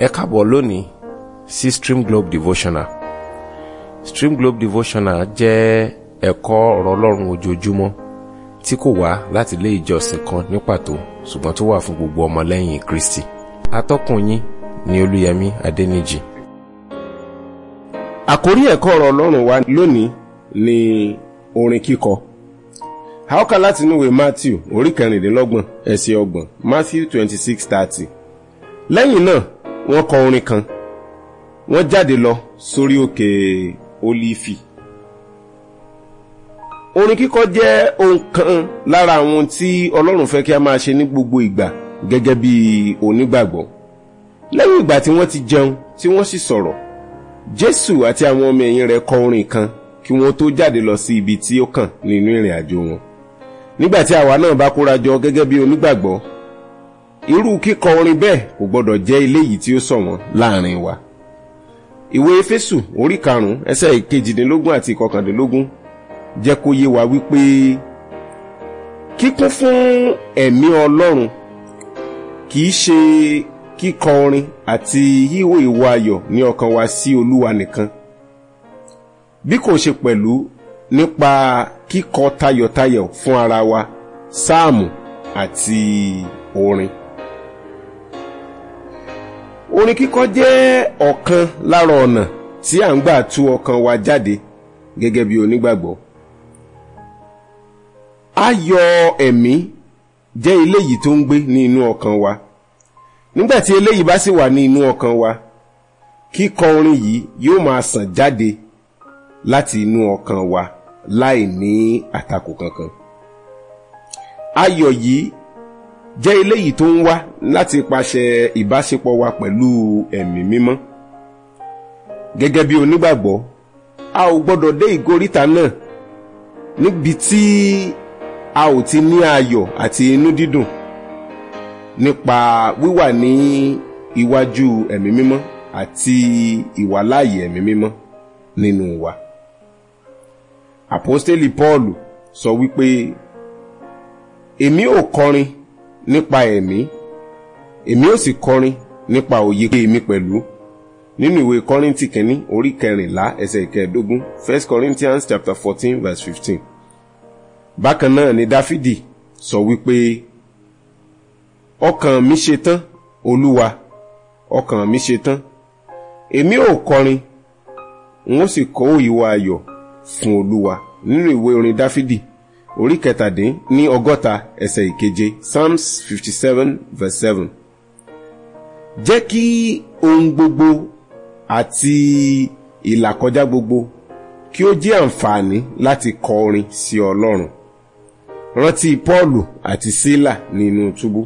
ẹ káàbọ̀ lónìí sí Stream Globe Devotional Stream Globe Devotional jẹ́ ẹ̀kọ́ ọ̀rọ̀ ọlọ́run ojoojúmọ́ tí kò wá láti ilé ìjọsìn kan ní pàtó ṣùgbọ́n tó wà fún gbogbo ọmọlẹ́yìn Kristi atọ́kùn yín ni Olúyẹmí Adẹ́nìjì. àkórí ẹ̀kọ́ ọ̀rọ̀ ọlọ́run wa lónìí ni orin kíkọ a ó kà láti inú ìwé Matthew orí kẹrìndínlọ́gbọ̀n ẹsẹ̀ ọgbọ̀n Matthew twenty six thirty lẹ́yìn náà wọ́n kọ orin kan wọ́n jáde lọ sórí òkè olífì orin kíkọ jẹ́ ohun kan lára àwọn tí ọlọ́run fẹ́ kí a máa ṣe ní gbogbo ìgbà gẹ́gẹ́ bí onígbàgbọ́ lẹ́yìn ìgbà tí wọ́n ti jẹun tí wọ́n sì sọ̀rọ̀ jésù àti àwọn ọmọ ẹ̀yìn rẹ̀ kọ orin kan kí wọ́n tó jáde lọ sí ibi tí ó kàn nínú ìrìn àjò wọn nígbà tí àwa náà bá kóra jọ gẹ́gẹ́ bí onígbàgbọ́ irú kíkọ orin bẹ́ẹ̀ kò gbọ́dọ̀ jẹ́ eléyìí tí ó ṣọ̀wọ́n láàrin wa. ìwé efésù orí karùn-ún ẹsẹ̀ ìkejìdínlógún àti ìkọkàndínlógún jẹ́ kó yé wa wípé kíkún fún ẹ̀mí ọlọ́run kì í ṣe kíkọ orin àti híhó ìwà ayọ̀ ní ọkàn wa sí olúwa nìkan bí kò ṣe pẹ̀lú nípa kíkọ tayọ̀tayọ̀ fún ara wa sáàmù àti orin orin kíkọ jẹ́ ọ̀kan lára ọ̀nà tí à ń gbà tú ọkàn wa jáde gẹ́gẹ́ bí onígbàgbọ́. Ayọ̀ ẹ̀mí jẹ́ eléyìí tó ń gbé ní inú ọkàn wa. Nígbà tí eléyìí bá sì wà ní inú ọkàn wa, kíkọ orin yìí yóò máa sàn jáde láti inú ọkàn wa láì ní àtakò kankan. Ayọ̀ yìí jẹ́ eléyìí tó ń wá láti pàṣẹ ìbáṣepọ̀ wa pẹ̀lú ẹ̀mí mímọ́ gẹ́gẹ́ bí onígbàgbọ́ a ò gbọ́dọ̀ dé ìgoríta náà níbi tí a ò ti ní ayọ̀ àti inú dídùn nípa wíwà ní iwájú ẹ̀mí mímọ́ àti ìwàláàyè ẹ̀mí mímọ́ nínú wa àpọ́stélì Pọ́ọ̀lù sọ wípé èmi ò kọrin nípa ẹ̀mí èmi ó sì kọrin nípa òye pé èmi pẹ̀lú nínú ìwé kọ́rìntì kínní orí kẹrìnlá ẹsẹ̀ ìkẹẹ̀dógún first corinthians chapter fourteen verse fifteen bákan náà ni dáfídì sọ wípé ọkàn mi ṣe tán olúwa ọkàn mi ṣe tán èmi ò kọrin n ó sì kọ òyìnwó ayọ̀ fún olúwa nínú ìwé orin dáfídì orí kẹtàdín ní ọgọ́ta ẹsẹ̀ ìkeje psalms fifty seven verse seven. jẹ́ kí ohun gbogbo àti ìlàkọjá gbogbo kí ó jẹ́ àǹfààní láti kọ orin sí ọlọ́run rántí pọ́ọ̀lù àti sílà nínú túbú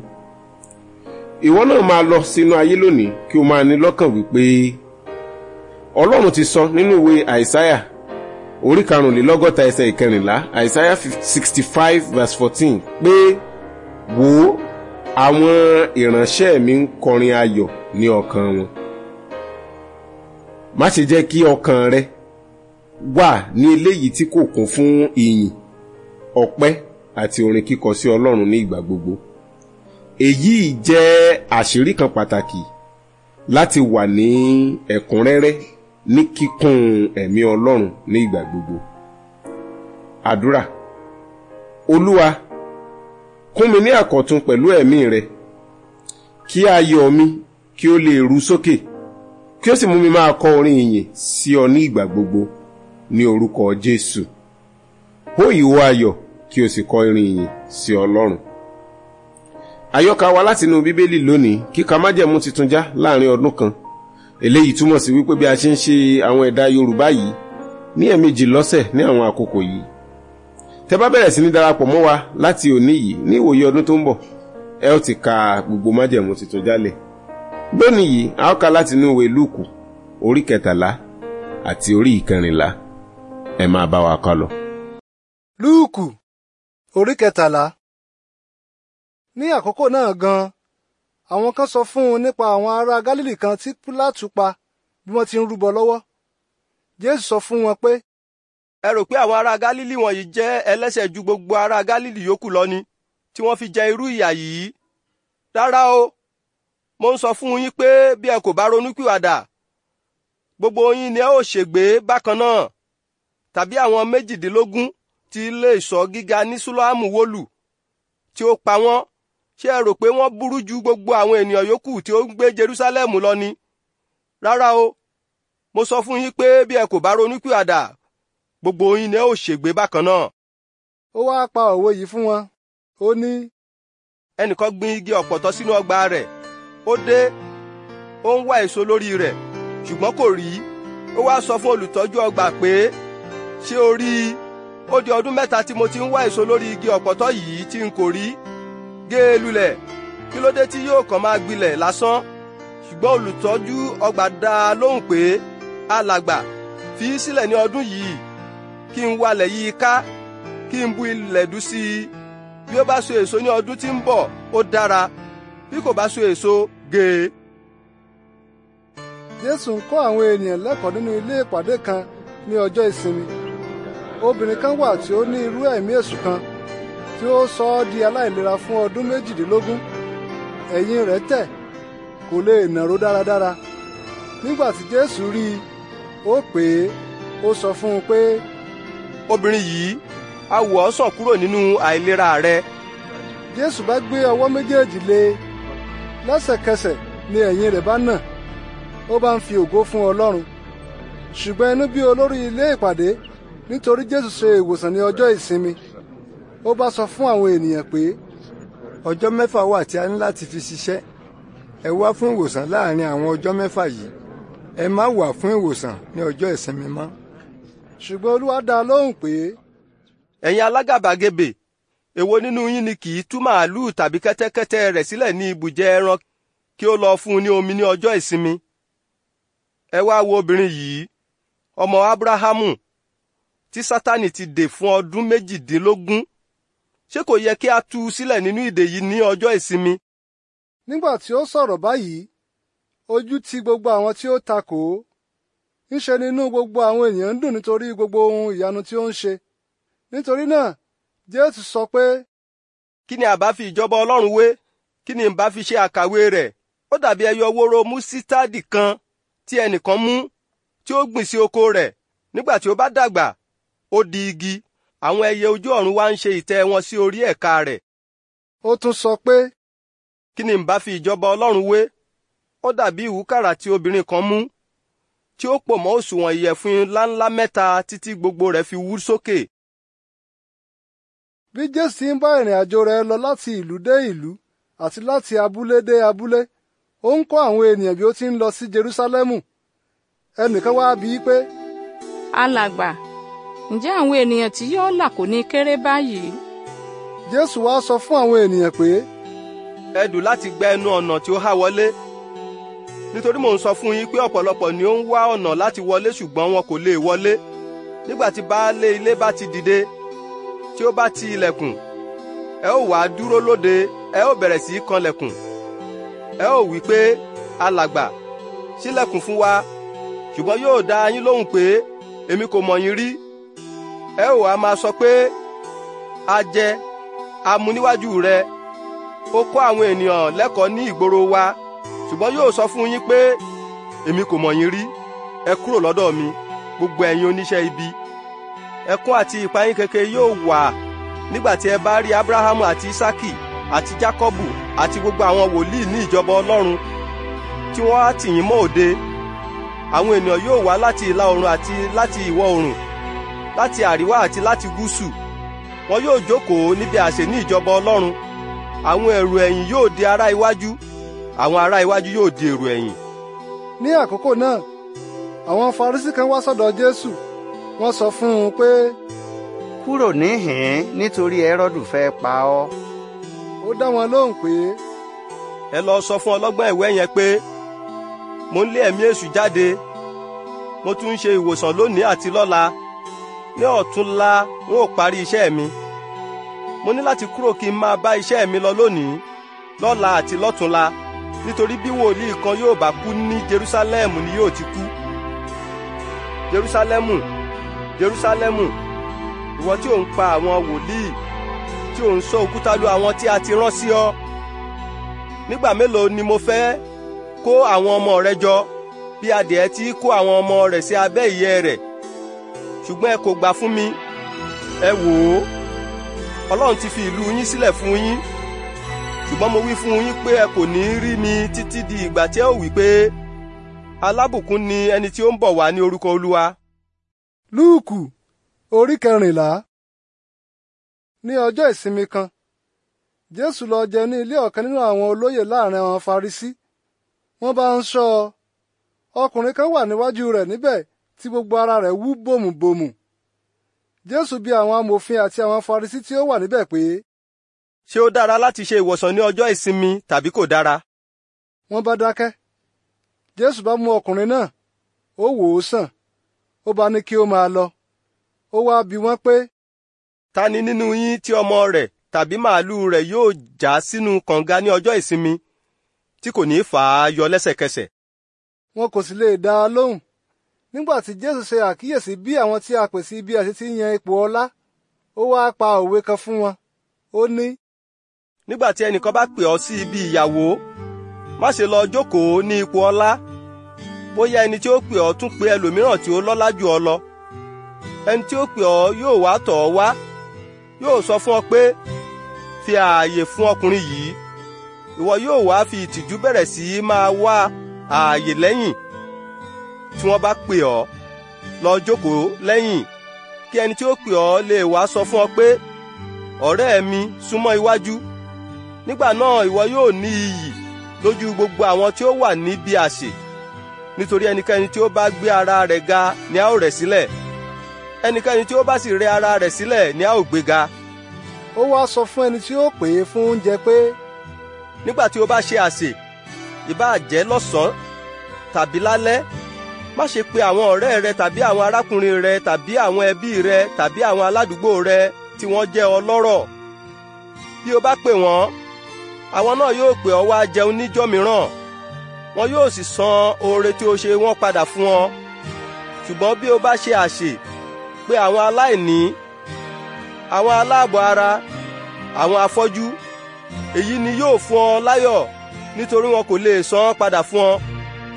ìwọ náà máa lọ sínú ayé lónìí kí o máa ní lọ́kàn wípé ọlọ́run ti sọ nínú ìwé àìsáyà orí karùnlélọ́gọ́ta ẹsẹ̀ ìkẹrìnlá isaiah sixty five verse fourteen pé wo ó àwọn ìránṣẹ́ mi ń kọrin ayọ̀ ní ọkàn wọn. má ṣe jẹ́ kí ọkàn rẹ wà ní eléyìí tí kò kún fún ìyìn ọpẹ́ àti orin kíkọ sí ọlọ́run ní ìgbà gbogbo. èyí jẹ́ àṣírí kan pàtàkì láti wà ní ẹ̀kúnrẹ́rẹ́ ní kíkún ẹ̀mí ọlọ́run ní ìgbà gbogbo. àdúrà olúwa kún mi ní àkọ̀tun pẹ̀lú ẹ̀mí rẹ kí ayọ̀ mi kí ó lè ru sókè kí ó sì mú mi máa kọ orin ìyìn sí ọ ní ìgbà gbogbo ní orúkọ jésù hó ìwo ayọ̀ kí o sì kọ irin ìyìn sí ọlọ́run àyọkà wa látinú bíbélì lónìí kíka májẹ̀mú titun láàrin ọdún kan eléyìí túmọ̀ sí wípé bí a ṣe ń ṣe àwọn ẹ̀dà yorùbá yìí ní ẹ̀ẹ̀mejì lọ́sẹ̀ ní àwọn àkókò yìí tẹ bá bẹ̀rẹ̀ sí ní darapọ̀ mọ́ wa láti òní yìí ní ìwòye ọdún tó ń bọ̀ ẹ ó ti ka gbogbo májẹ̀mú tuntun jálẹ̀ lónìí yìí a ó ka láti inú ìwé lúùkù orí kẹtàlá àti orí ìkẹrìnlá ẹ máa bá wa kálọ. lúùkù orí kẹtàlá ní àkókò náà gan-an àwọn kan sọ fún un nípa àwọn ará Gálílì kan tí Pílátù pa bí wọ́n ti ń rúbọ lọ́wọ́ Jésù sọ fún wọn pé. ẹ rò pé àwọn ará Gálílì wọ̀nyí jẹ́ ẹlẹ́ṣẹ̀ ju gbogbo ará Gálílì yòókù lọ ni tí wọ́n fi jẹ irú ìyà yìí rárá o mo ń sọ fún yín pé bí ẹ kò bá ronúpìwàdà gbogbo yín ni ẹ ó ṣègbé bákan náà tàbí àwọn méjìdínlógún ti ilé ìṣọ́ gíga ní Súlámù wólù tí ó pa wọ́n ṣé ẹ rò pé wọ́n burú ju gbogbo àwọn ènìyàn yòókù tí ó ń gbé Jerúsálẹ́mù lọ ni rárá o mo sọ fún yín pé bí ẹ kò bá ronúpìwàdà gbogbo yín ni ẹ ó ṣègbé bákan náà. ó wáá pa òwe yìí fún wọn ó ní. ẹnìkan gbin igi ọ̀pọ̀tọ́ sínú ọgbà rẹ̀ ó dé ó ń wá èso lórí rẹ̀ ṣùgbọ́n kò rí ó wáá sọ fún olùtọ́jú ọgbà pé ṣé o rí i ó di ọdún mẹ́ta tí mo ti ń wá èso lórí igi ọ̀pọ̀tọ́ yìí tí n kò rí i gé e lulẹ̀ kí ló dé tí yóò kàn máa gbilẹ̀ lásán ṣùgbọ́n olùtọ́jú ọgbà dá a lóhùn pé alàgbà fi í sílẹ̀ ní ọdún yìí kí n walẹ̀ yí ká kí n bu ilẹ̀ dú sí i bí ó bá so èso ní ọdún tí ń bọ̀ ó dára bí kò bá so èso gé e. Jésù ń kọ́ àwọn ènìyàn lẹ́kọ̀ọ́ nínú ilé ìpàdé kan ní ọjọ́ ìsinmi obìnrin kan wà tí ó ní irú ẹ̀mí èṣù kan tí ó sọ ọ́ di aláìlera fún ọdún méjìdínlógún ẹ̀yìn rẹ̀ tẹ̀ kò lè nàró dáradára nígbà tí jésù rí i ó pè é ó sọ fún un pé. obìnrin yìí a wò ọ́ sàn kúrò nínú àìlera rẹ. jésù bá gbé ọwọ́ méjèèjì lé e lẹ́sẹ̀kẹsẹ̀ ni ẹ̀yìn rẹ̀ bá nà ó bá ń fi ògo fún ọlọ́run ṣùgbọ́n inú bí olórí ilé ìpàdé nítorí jésù ṣe ìwòsàn ní ọjọ́ ìsinmi ó bá sọ fún àwọn ènìyàn pé ọjọ́ mẹ́fà wà tí a ní láti fi ṣiṣẹ́ ẹ wá fún ìwòsàn láàrin àwọn ọjọ́ mẹ́fà yìí ẹ má wà fún ìwòsàn ní ọjọ́ ìsinmi mọ́. ṣùgbọ́n olúwa dá a lóhùn pé. ẹ̀yin alágàbàgebè èwo nínú yín ni kì í tú màálùú tàbí kẹ́tẹ́kẹ́tẹ́ rẹ̀ sílẹ̀ ní ibùjẹ ẹran kí ó lọ fún un ní omi ní ọjọ́ ìsinmi. ẹ wá wo obìnrin yìí ọmọ abrahamu tí sátani ti dè fún ọdún méjìdínlógún ṣé kò yẹ kí a tú u sílẹ̀ nínú ìdè yìí ní ọjọ́ ìsinmi? nígbà tí ó sọ̀rọ̀ báyìí ojú ti gbogbo àwọn tí ó takò ó ńṣe nínú gbogbo àwọn ènìyàn ń dùn nítorí gbogbo ohun ìyanu tí ó ń ṣe nítorí náà Jésù sọ pé. kí ni àbá fi ìjọba Ọlọ́run wé kí ni ìbá fi ṣe àkàwé rẹ̀ ó dàbí ẹyọ wóró músítádì kan tí ẹnìkan mú tí ó gbìn sí oko rẹ̀ nígbà tí ó bá dàgbà ó di igi àwọn ẹyẹ ojú ọ̀run wá ń ṣe ìtẹ́ wọn sí orí ẹ̀ka rẹ̀. ó tún sọ pé kí ni n bá fi ìjọba ọlọ́run wé ó dàbí ìwúkàrà tí obìnrin kan mú tí ó pò mọ́ òṣùwọ̀n ìyẹ̀fun ńláńlá mẹ́ta títí gbogbo rẹ̀ fi wú sókè. bí jésù ń bá ìrìn àjò rẹ̀ lọ láti ìlú dé ìlú àti láti abúlé dé abúlé ó ń kọ́ àwọn ènìyàn bí ó ti ń lọ sí jerúsálẹ́mù ẹnìkan wá bí i pé. alàgbà ǹjẹ́ àwọn ènìyàn tí yóò là kò ní kéré báyìí. jésù wá sọ fún àwọn ènìyàn pé. ẹ láti gba ẹnu ọ̀nà tí ó há wọlé nítorí mò ń sọ fún yín pé ọ̀pọ̀lọpọ̀ ni ó ń wá ọ̀nà láti wọlé ṣùgbọ́n wọn kò lè wọlé nígbà tí baálé ilé bá ti dìde tí ó bá ti ilẹ̀kùn ẹ ó wàá dúró lóde ẹ ó bẹ̀rẹ̀ sí í kanlẹ̀kùn ẹ ó wí pé alàgbà ṣílẹ̀kùn fún wa ṣùgbọ́n yóò dá yín lóhùn pé èmi kò mọ̀ yín rí ẹ ò á máa sọ pé a jẹ a mu rẹ ó kọ́ àwọn ènìyàn lẹ́kọ̀ọ́ ní ìgboro wa ṣùgbọ́n yóò sọ fún yín pé èmi kò mọ̀ yín rí ẹ kúrò lọ́dọ̀ mi gbogbo ẹ̀yin oníṣẹ́ ibi ẹkún àti ìpayín keke yóò wà nígbà tí ẹ bá rí abrahamu àti isaki àti jacobu àti gbogbo àwọn wòlíì ní ìjọba ọlọ́run tí wọ́n á tì yín mọ́ òde àwọn ènìyàn yóò wá láti ìlà oòrùn àti láti ìwọ̀ oòrùn láti àríwá àti láti gúúsù wọn yóò jókòó níbi àsè ní ìjọba ọlọ́run àwọn èrò ẹ̀yìn yóò di ará iwájú àwọn ará iwájú yóò di èrò ẹ̀yìn. ní àkókò náà àwọn Farisí kan wá sọ́dọ̀ Jésù wọ́n sọ fún un pé. kúrò níhìn-ín nítorí Hẹ́rọ́dù fẹ́ pa ọ́. ó dá wọn lóhùn pé. ẹ lọ sọ fún ọlọ́gbọ́n ìwé yẹn pé mo ń lé ẹ̀mí èṣù jáde mo tún ń ṣe ìwòsàn lónìí àti lọ́la pé ọ̀túnla n ó parí iṣẹ́ mi mo ní láti kúrò kí n máa bá iṣẹ́ mi lọ lónìí lọ́la àti lọ́túnla nítorí bí wòlíì kan yóò bá kú ní Jerúsálẹ́mù ni yóò ti kú Jerúsálẹ́mù Jerúsálẹ́mù ìwọ tí ò ń pa àwọn wòlíì tí ò ń sọ òkúta lu àwọn tí a ti rán sí ọ nígbà mélòó ni mo fẹ́ kó àwọn ọmọ rẹ jọ bí adìẹ ti kó àwọn ọmọ rẹ̀ sí abẹ́ ìyẹ́ rẹ̀ ṣùgbọ́n ẹ kò gbà fún mi ẹ wò ó ọlọ́run ti fi ìlú yín sílẹ̀ fún yín ṣùgbọ́n mo wí fún yín pé ẹ kò ní rí mi títí di ìgbà tí ẹ ò wí pé alábùkún ni ẹni tí ó ń bọ̀ wá ní orúkọ olúwa. lúùkù orí kẹrìnlá ní ọjọ́ ìsinmi kan jésù lọ jẹ ní ilé ọ̀kan nínú àwọn olóyè láàrin àwọn farisí wọ́n bá ń ṣọ́ ọkùnrin kan wà níwájú rẹ̀ níbẹ̀ tí gbogbo ara rẹ̀ wú bòmùbòmù jésù bi àwọn amòfin àti àwọn farisí tí ó wà níbẹ̀ pé. ṣé ó dára láti ṣe ìwòsàn ní ọjọ́ ìsinmi tàbí kò dára. wọ́n bá dákẹ́ jésù bá mú ọkùnrin náà ó wò ó sàn ó bá ní kí ó máa lọ ó wá bi wọ́n pé. ta ni nínú yín tí ọmọ rẹ̀ tàbí màálùú rẹ̀ yóò já sínú kànga ní ọjọ́ ìsinmi tí kò ní fà á yọ lẹ́sẹ̀kẹsẹ̀. wọn kò sì lè dá a lóhùn nígbà tí Jésù ṣe àkíyèsí bí àwọn tí a pè sí ibi àti ti yan ipò ọlá ó wáá pa òwe kan fún wọn ó ní. nígbà tí ẹnìkan bá pè ọ́ sí ibi ìyàwó má ṣe lọ jókòó ní ipò ọlá bóyá ẹni tí ó pè ọ́ tún pè ẹlòmíràn tí ó lọ́lá jù ọ́ lọ ẹni tí ó pè ọ́ yóò wá tọ̀ ọ́ wá yóò sọ fún ọ pé fi ààyè fún ọkùnrin yìí ìwọ yóò wá fi ìtìjú bẹ̀rẹ̀ sí máa wá ààyè lẹ́yìn tí wọ́n bá pè ọ́ lọ jókòó lẹ́yìn kí ẹni tí ó pè ọ́ lè wá sọ fún ọ pé ọ̀rẹ́ mi súnmọ́ iwájú nígbà náà ìwọ yóò ní iyì lójú gbogbo àwọn tí ó wà níbi àṣẹ nítorí ẹnikẹ́ni tí ó bá gbé ara rẹ̀ ga ni a ó rẹ̀ sílẹ̀ ẹnikẹ́ni tí ó bá sì rẹ̀ ara rẹ̀ sílẹ̀ ni a ó gbé ga. ó wá sọ fún ẹni tí ó pè é fún oúnjẹ pé. nígbà tí o bá ṣe àṣẹ ìbáà jẹ́ lọ́sàn-án tàbí lálẹ́ má ṣe pe àwọn ọ̀rẹ́ rẹ tàbí àwọn arákùnrin rẹ tàbí àwọn ẹbí rẹ tàbí àwọn aládùúgbò rẹ tí wọ́n jẹ́ ọlọ́rọ̀ bí o bá pè wọ́n àwọn náà yóò pè ọ́ wá jẹun níjọ́ mìíràn wọn yóò sì san oore tí o ṣe wọ́n padà fún ọ ṣùgbọ́n bí o bá ṣe àṣè pè àwọn aláìní àwọn aláàbọ̀ ara àwọn afọ́jú èyí ni yóò fún ọ láyọ̀ nítorí wọn kò lè san padà fún ọ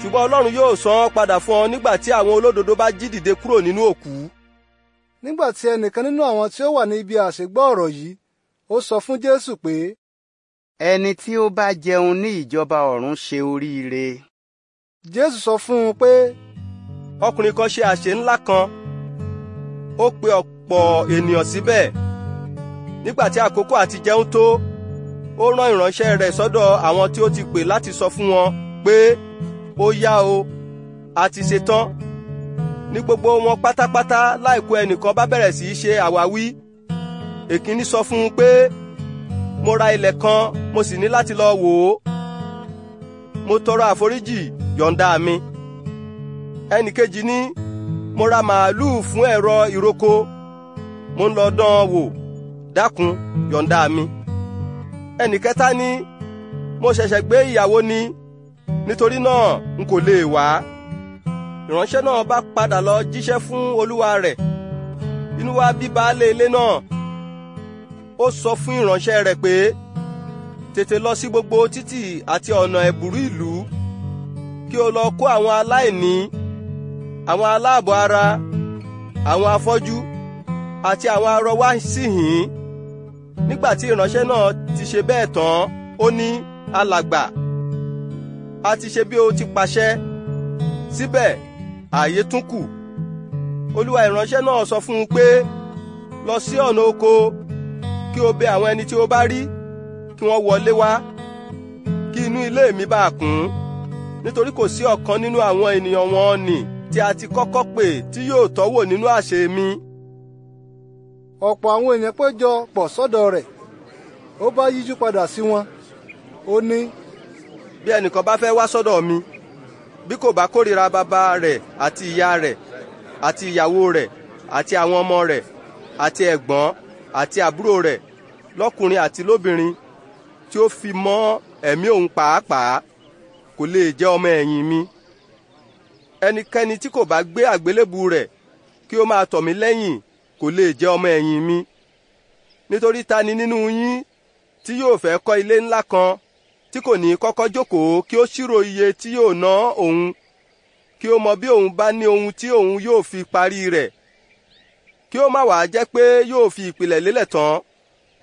ṣùgbọ́n ọlọ́run yóò san án padà fún ọ nígbà tí àwọn olódodo bá jí dìde kúrò nínú òkú. nígbà tí ẹnìkan nínú àwọn tí ó wà ní ibi àṣegbọ́ ọ̀rọ̀ yìí ó sọ fún jésù pé. ẹni tí ó bá jẹun ní ìjọba ọ̀run ṣe oríire. jésù sọ fún un pé. ọkùnrin kan ṣe àṣe ńlá kan ó pe ọ̀pọ̀ ènìyàn síbẹ̀ nígbà tí àkókò àti jẹun tó ó rán ìránṣẹ́ rẹ̀ sọ́dọ̀ àwọn tí ó ti pè láti sọ fún wọn pé ó yá o a ti ṣetán ní gbogbo wọn pátápátá láìkó ẹnìkan bá bẹ̀rẹ̀ sí í ṣe àwáwí èkíní sọ fún un pé mo ra ilẹ̀ kan mo sì ní láti lọ wò ó mo tọrọ àforíjì yọ̀ǹda mi ẹnì kejì ní mo ra màálùú fún ẹ̀rọ ìroko mo ń lọ dán wò dákun yọ̀ǹda mi ẹnì kẹta ní mo ṣẹ̀ṣẹ̀ gbé ìyàwó ni. Mo nítorí náà n kò lè wá ìránṣẹ́ náà bá padà lọ jíṣẹ́ fún olúwa rẹ̀ inú wa bí baálé ilé náà ó sọ fún ìránṣẹ́ rẹ̀ pé tètè lọ sí gbogbo títì àti ọ̀nà ẹ̀bùrú ìlú kí o lọ kó àwọn aláìní àwọn aláàbọ̀ ara àwọn afọ́jú àti àwọn arọ wá síhìn nígbà tí ìránṣẹ́ náà ti ṣe bẹ́ẹ̀ tán ó ní alàgbà a ti ṣe bí ó ti pàṣẹ síbẹ̀ ààyè tún kù olúwa ìránṣẹ́ náà sọ fún un pé lọ sí ọ̀nà oko kí o bẹ àwọn ẹni tí o bá rí kí wọ́n wọlé wá kí inú ilé mi bá kún nítorí kò sí ọ̀kan nínú àwọn ènìyàn wọn nì tí a ti kọ́kọ́ pè tí yóò tọ́wò nínú àṣẹ mi. ọ̀pọ̀ àwọn ènìyàn péjọ pọ̀ sọ́dọ̀ rẹ̀ ó bá yíjú padà sí wọn ó ní bí ẹnìkan bá fẹ́ wá sọ́dọ̀ mi bí kò bá kórìíra bàbá rẹ̀ àti ìyá rẹ̀ àti ìyàwó rẹ̀ àti àwọn ọmọ rẹ̀ àti ẹ̀gbọ́n àti àbúrò rẹ̀ lọ́kùnrin àti lóbìnrin tí ó fi mọ́ ẹ̀mí òun pàápàá kò lè jẹ́ ọmọ ẹ̀yìn mi ẹnikẹ́ni tí kò bá gbé àgbélébù rẹ̀ kí ó máa tọ̀ mí lẹ́yìn kò lè jẹ́ ọmọ ẹ̀yìn mi nítorí ta ni nínú yín tí yóò fẹ́ kọ́ ilé ńlá kan tí kò ní kọ́kọ́ jókòó kí ó ṣírò iye tí yóò ná òun kí ó mọ bí òun bá ní ohun tí òun yóò fi parí rẹ̀ kí ó má wàá jẹ́ pé yóò fi ìpìlẹ̀ lélẹ̀ tán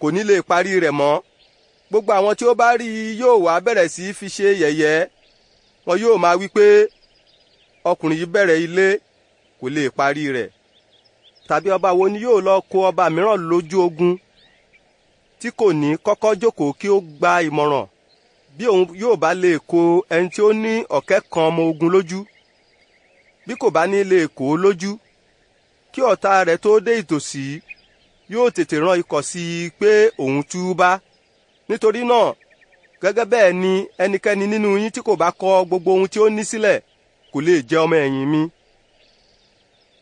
kò ní lè parí rẹ̀ mọ́ gbogbo àwọn tí ó bá rí i yóò wá bẹ̀rẹ̀ sí fi ṣe yẹ̀yẹ́ wọn yóò máa wí pé ọkùnrin yìí bẹ̀rẹ̀ ilé kò lè parí rẹ̀ tàbí ọba wo ni yóò lọ kó ọba mìíràn lójú ogun tí kò ní kọ́kọ́ jókòó kí ó gba ìmọ̀ràn bí òun yóò bá lè kó ẹni tí ó ní ọ̀kẹ́ kan ọmọ ogun lójú bí kò bá ní lè kó o lójú kí ọ̀tá rẹ̀ tó dé ìtòsí yóò tètè rán ikọ̀ sí i pé òun túúbá nítorí náà gẹ́gẹ́ bẹ́ẹ̀ ni ẹnikẹ́ni nínú yín tí kò bá kọ gbogbo ohun tí ó ní sílẹ̀ kò lè jẹ́ ọmọ ẹ̀yìn mi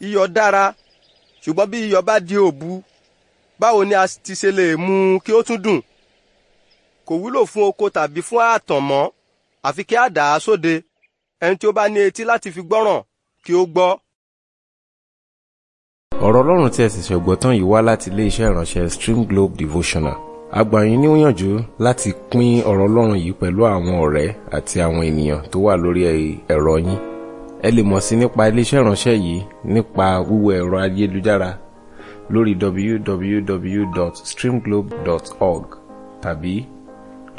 iyọ̀ dára ṣùgbọ́n bí iyọ̀ bá di òbu báwo ni a ti ṣe lè mú kí ó tún dùn kò wúlò fún oko tàbí fún ààtàn mọ́ àfi kí a dà á sóde ẹni tí ó bá ní etí láti fi gbọ́ràn kí ó gbọ́. ọ̀rọ̀ ọlọ́run tí ẹ sì ṣẹ̀gbọ́ tán yìí wá láti iléeṣẹ́ ìránṣẹ́ Stream Globe Devotional a gbà yín níyànjú láti pín ọ̀rọ̀ ọlọ́run yìí pẹ̀lú àwọn ọ̀rẹ́ àti àwọn ènìyàn tó wà lórí ẹ̀rọ yín ẹ lè mọ̀ sí nípa iléeṣẹ́ ìránṣẹ́ yìí nípa wíwọ ẹ̀rọ ayélujára lórí www.streamglobe.org tàbí